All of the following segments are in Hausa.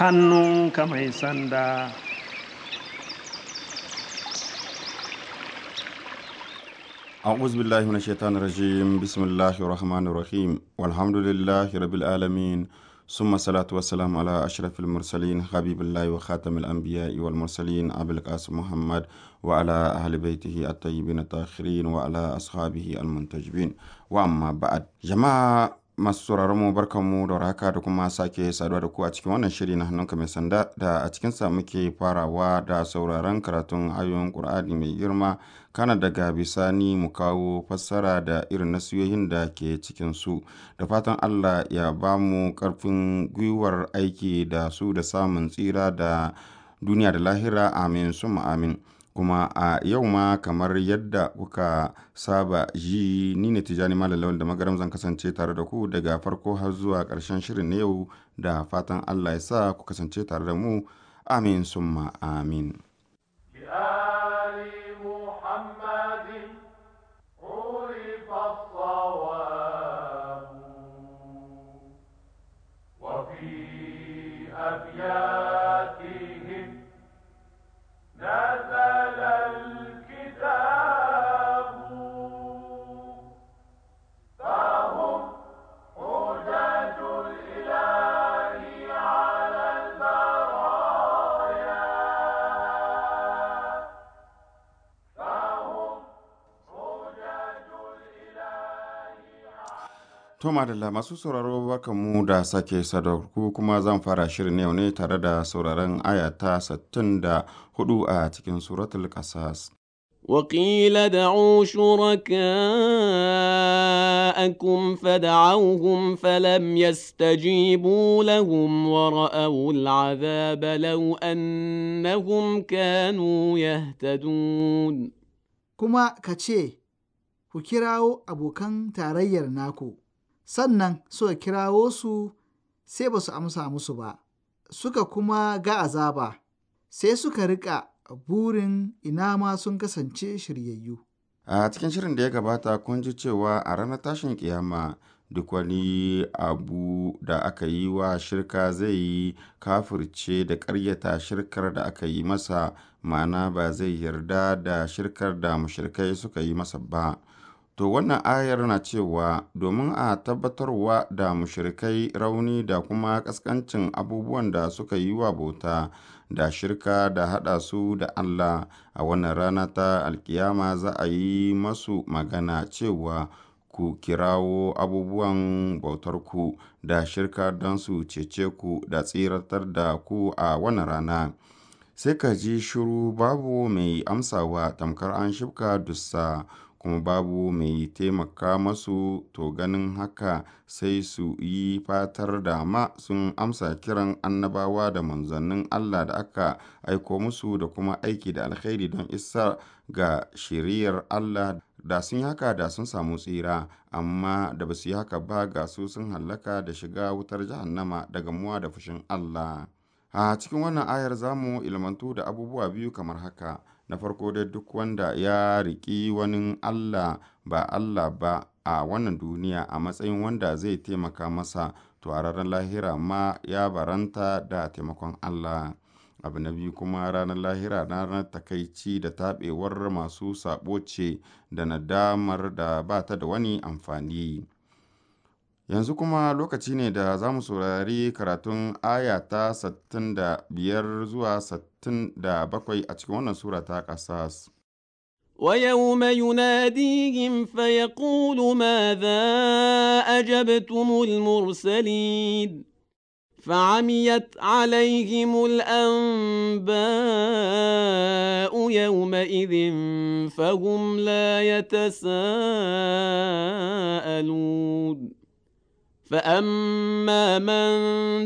hannunka mai sanda أعوذ بالله من الشيطان الرجيم بسم الله الرحمن الرحيم والحمد لله رب العالمين ثم الصلاة والسلام على أشرف المرسلين حبيب الله وخاتم الأنبياء والمرسلين أبي القاسم محمد وعلى أهل بيته الطيبين الطاهرين وعلى أصحابه المنتجبين وأما بعد جماعة masu sauraron mu mu da raka da kuma sake saduwa da ku a cikin wannan shiri na hannunka mai sanda da a cikin cikinsa muke farawa da sauraron karatun ayoyin ƙur'ani mai girma kana daga bisani mu kawo fassara da irin nasiyoyin da ke cikin su da fatan allah ya ba mu karfin gwiwar aiki da su da samun tsira da duniya da lahira amin suma amin Kuma a yau ma kamar yadda kuka saba ji ni ne tijani Malam Lawal da Magaram zan kasance tare da ku daga farko har zuwa karshen shirin na yau da fatan Allah ya sa ku kasance tare da mu. Amin summa amin. Yeah. To Madalla masu sauraro baka mu da sake sadauku kuma zan fara shirin yau ne tare da sauraron ayata 64 a cikin suratul Qasas. وقيل دعوا شركاءكم فدعوهم فلم يستجيبوا لهم ورأوا العذاب لو أنهم كانوا يهتدون كما كتشي ku أبو كان tarayyar naku sannan suka kirawo su sai ba su amsa musu ba, suka kuma ga azaba, sai suka riƙa burin ina ma sun kasance shiryayyu. A cikin shirin da ya gabata kun ji cewa a ranar tashin kiyama duk wani abu da aka yi wa shirka zai yi kafirce da ƙaryata shirkar da aka yi masa ma'ana ba zai yarda da shirkar da mushrikai suka yi masa ba. To wannan ayar na cewa, domin a tabbatarwa da mushrikai rauni da kuma ƙasƙancin abubuwan da suka yi wa bauta da shirka da haɗa su da Allah, a wannan rana ta alkiyama za a yi masu magana cewa, Ku kirawo abubuwan bautarku da shirka don su cece ku da tsiratar da ku a wannan rana. Sai ka ji shiru babu mai amsawa tamkar an shibka dussa. kuma babu mai taimaka masu, to ganin haka sai su yi fatar da ma sun amsa kiran annabawa da manzannin Allah da aka aiko musu da kuma aiki da alkhairi don isa ga shiriyar Allah. da sun yi haka da sun samu tsira amma da ba su yi haka ba ga su sun hallaka da shiga wutar jahannama daga muwa da fushin Allah. A cikin wannan ayar zamu ilmantu da abubuwa biyu kamar haka. Na farko dai duk wanda ya riƙi wani allah ba Allah ba a wannan duniya a matsayin wanda zai taimaka masa, to lahira ma ya baranta da taimakon Allah. Abu na biyu kuma ranar lahira na ranar takaici da taɓewar masu saɓo ce da nadamar da ba ta da wani amfani. Yanzu kuma lokaci ne da za mu saurari karatun aya ta 65 zuwa 67 a cikin wannan sura ta ƙasas. ويوم يناديهم فيقول ماذا أجبتم المرسلين فعميت عليهم الأنباء يومئذ فهم لا يتساءلون فأما من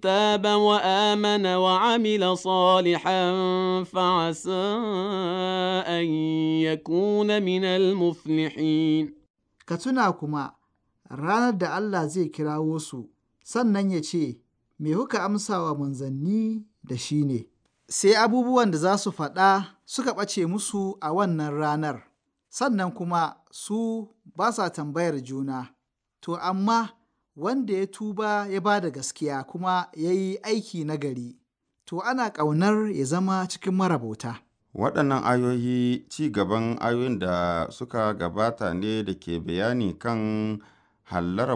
تاب وآمن وعمل صالحا فعسى أن يكون من المفلحين كتنا kuma ranar da Allah zai kirawo su sannan ya ce, Me kuka amsa wa manzanni da shi ne, sai abubuwan da za su faɗa suka ɓace musu a wannan ranar, sannan kuma su ba sa tambayar juna, to amma wanda ya tuba ya ba da gaskiya kuma ya yi aiki nagari, to ana ƙaunar ya zama cikin marabota. Waɗannan ayoyi ci gaban ayoyin da suka gabata ne da ke bayani kan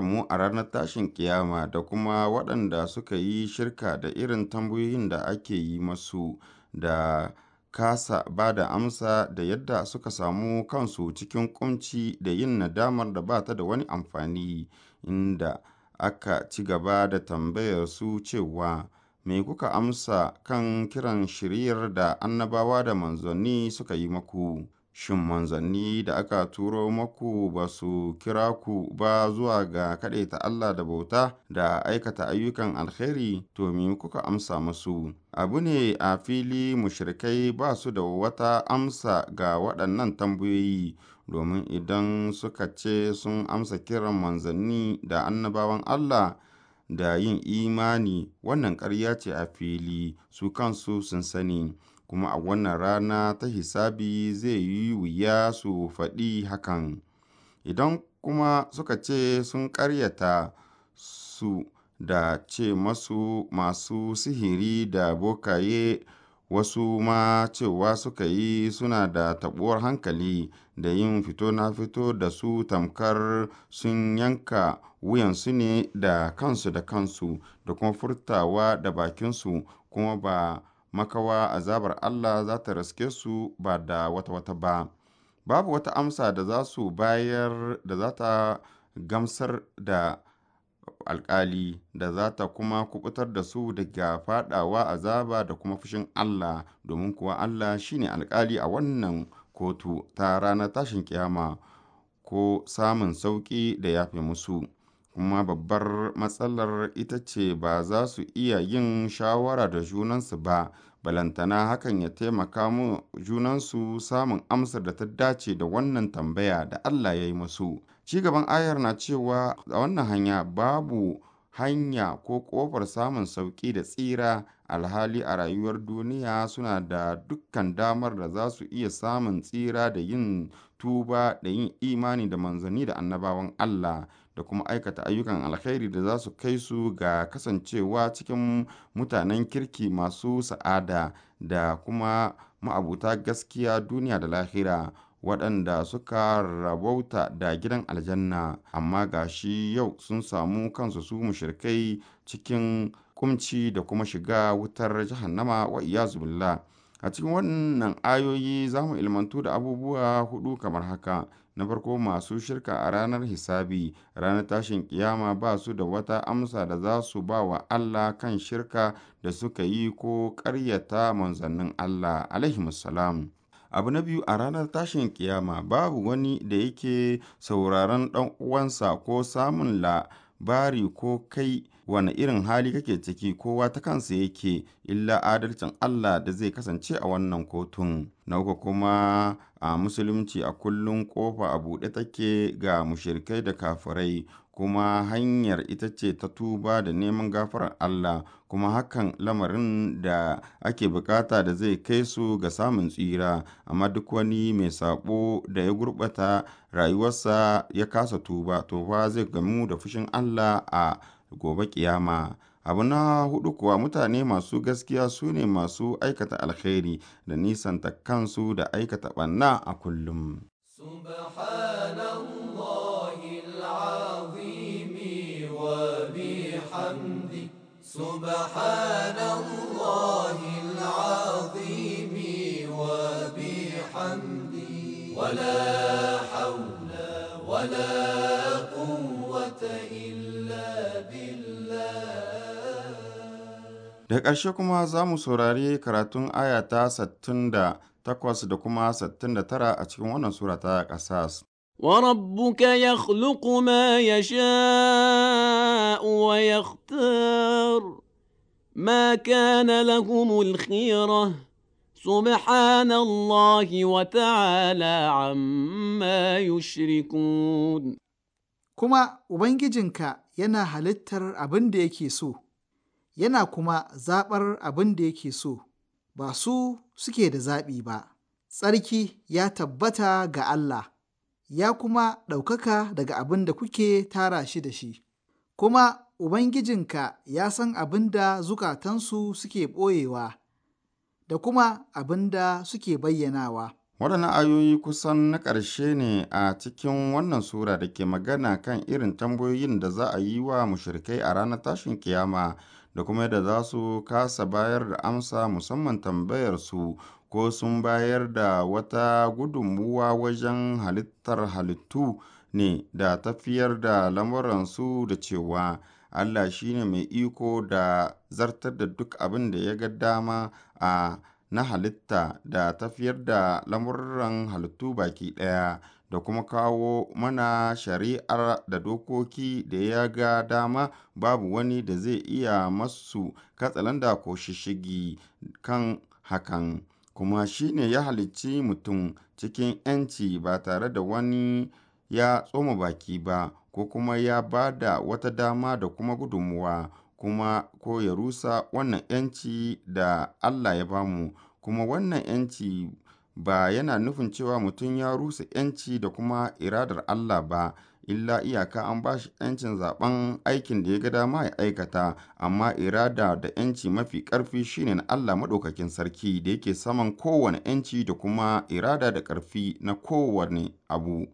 mu a ranar tashin kiyama da kuma waɗanda suka yi shirka da irin tambayoyin da ake yi masu da kasa ba da amsa da yadda suka samu kansu cikin kunci da yin nadamar da ba ta da wani amfani inda Aka ci gaba da tambayar su cewa, Me kuka amsa kan kiran shiriyar da annabawa da manzanni suka yi maku? shin manzanni da aka turo maku ba su kira ku ba zuwa ga kaɗaita Allah da bauta da aikata ayyukan alheri, to me kuka amsa musu? Abu ne a fili mushrikai ba su da wata amsa ga waɗannan tambayoyi. domin idan suka ce sun amsa kiran manzanni da annabawan Allah da yin imani wannan ƙarya ce a fili su kansu sun sani kuma a wannan rana ta hisabi zai yi wuya su faɗi hakan idan kuma suka ce sun ƙaryata su da ce masu masu sihiri da bokaye wasu ma cewa suka yi suna da taɓuwar hankali da yin fito-na-fito da su tamkar sun yanka wuyansu ne da kansu da kansu da kuma furtawa da bakinsu kuma ba makawa azabar Allah za ta raske su ba da wata-wata ba. Babu wata amsa da za su bayar da za ta gamsar da alƙali da za ta kuma kuɓutar da su daga faɗawa azaba da kuma fushin Allah, domin kuwa Allah shi ne alƙali a wannan kotu ta ranar tashin ƙiyama ko samun sauƙi da yafe musu. Kuma babbar matsalar ita ce ba za su iya yin shawara da junansu ba, balantana hakan ya taimaka mu junansu samun amsar da ta dace da wannan tambaya da Allah ya yi musu. Ci gaban ayar na cewa a wannan hanya, babu hanya ko ƙofar samun sauƙi da tsira, alhali a rayuwar duniya suna da dukkan damar da za su iya samun tsira da yin tuba da yin imani da manzanni da annabawan Allah, da kuma aikata ayyukan alkhairi da za su kai su ga kasancewa cikin mutanen kirki masu sa'ada da kuma ma'abuta gaskiya duniya da lahira. waɗanda suka rabauta da gidan aljanna amma ga shi yau sun samu kansu su mushrikai cikin kumci da kuma shiga wutar jahannama wa iyazu billah a cikin wannan ayoyi za mu ilmantu da abubuwa hudu kamar haka na farko masu shirka a ranar hisabi ranar tashin kiyama ba su da wata amsa da za su ba wa Allah kan shirka da suka yi ko karyata manzannin Allah alaihi Abu na biyu a ranar tashin ƙiyama babu wani da yake sauraron ɗan uwansa ko samun labari ko kai Wani irin hali kake ciki kowa ta kansa yake illa adalcin Allah da zai kasance a wannan kotun. Na uku kuma a musulunci a kullum ƙofa a buɗe take ga mushirikai da kafirai kuma hanyar ita ce ta tuba da neman gafarar Allah, kuma hakan lamarin da ake bukata da zai kai su ga samun tsira, amma duk wani mai saɓo da ya gurɓata rayuwarsa ya kasa tuba, to fa zai gamu da fushin Allah a gobe ƙiyama. abu na hudu kuwa mutane masu gaskiya su ne masu aikata alkhairi da nisanta kansu da aikata ɓanna a kullum. سبحان الله العظيم وبحمده ولا حول ولا قوة إلا بالله Da ƙarshe kuma za mu saurari karatun aya ta 68 da kuma 69 a cikin wannan sura ta ƙasas. وربك يخلق ما يشاء يشاء ويختار ما كان لهم الخيرة سبحان الله وتعالى عما kuma Ubangijinka yana halittar abin da yake so, yana kuma zaɓar abin da yake so, ba su suke da zaɓi ba. Tsarki ya tabbata ga Allah, ya kuma ɗaukaka daga abin da kuke tara shi da shi. kuma Ubangijinka ya san abin da zukatansu suke ɓoyewa da kuma abin da suke bayyanawa. Waɗannan ayoyi kusan na ƙarshe ne a cikin wannan sura da ke magana kan irin tambayoyin da za a yi wa mushrikai a ranar tashin kiyama da kuma yadda za su kasa bayar da amsa musamman tambayar su ko sun bayar da wata gudunmuwa wajen halittar halittu. ne da tafiyar da lamuransu da cewa Allah shi ne mai iko da zartar da duk abin da ya ga dama a na halitta da tafiyar da lamuran halittu baki ɗaya da kuma kawo mana shari'ar da dokoki da ya ga dama babu wani da zai iya masu katsalanda ko shishigi kan hakan kuma shi ne ya halicci mutum cikin ‘yanci ba tare da wani ya tsoma baki ba ko kuma ya ba da wata dama da kuma gudummawa kuma ko ya rusa wannan ‘yanci da Allah ya bamu kuma wannan ‘yanci ba yana nufin cewa mutum ya rusa ‘yanci da kuma iradar Allah ba, illa iyaka an ba shi ‘yancin zaben aikin da ya ga dama ya aikata, amma irada da ‘yanci mafi karfi shine na Allah Maɗaukakin Sarki da yake saman kowane ‘yanci da kuma irada da karfi na kowane abu.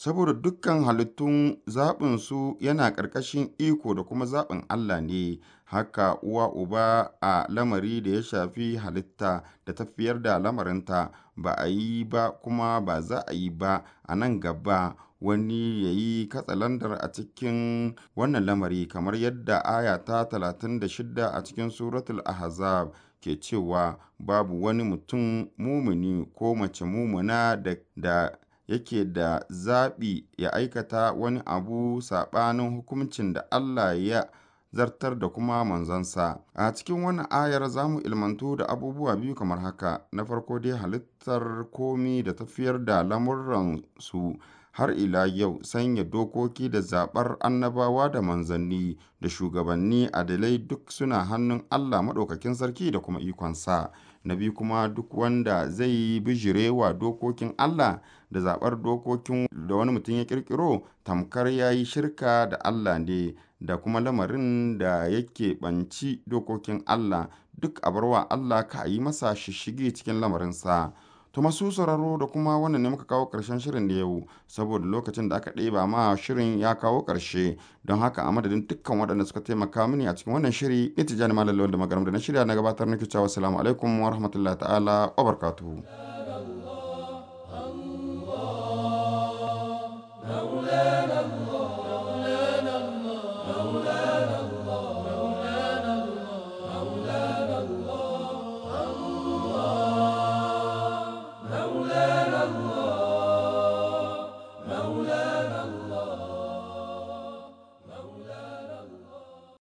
saboda dukkan halittun zaɓinsu yana ƙarƙashin iko da kuma zaɓin Allah ne, haka uwa uba a lamari da ya shafi halitta da tafiyar da lamarinta ba a yi ba kuma ba za a yi ba a nan gaba wani ya yi katsalandar a cikin wannan lamari kamar yadda aya ta 36 a cikin suratul ahzab ke cewa babu wani mutum mumuni ko mace mumuna da yake da zaɓi ya aikata wani abu saɓanin hukuncin da Allah ya zartar da kuma manzansa. A cikin wani ayar za mu ilmantu da abubuwa biyu kamar haka, na farko dai halittar komi da tafiyar da lamuransu har ila yau sanya dokoki da zaɓar annabawa da manzanni da shugabanni adalai duk suna hannun Allah maɗaukakin sarki da kuma ikonsa. na biyu kuma duk wanda zai bijire wa dokokin Allah da zaɓar dokokin da wani mutum ya ƙirƙiro tamkar ya yi shirka da Allah ne da kuma lamarin da yake ɓanci dokokin Allah duk a barwa Allah ka yi masa shishige cikin lamarinsa. To masu sauraro da kuma wannan ne muka kawo karshen shirin da yau saboda lokacin da aka ɗeba ma shirin ya kawo ƙarshe don haka a madadin dukkan waɗanda suka taimaka mini a cikin wannan shiri ni tijani malam da magaram da na shirya na gabatar na cewa wasu alaikum wa rahmatullahi ta'ala wa barakatuhu.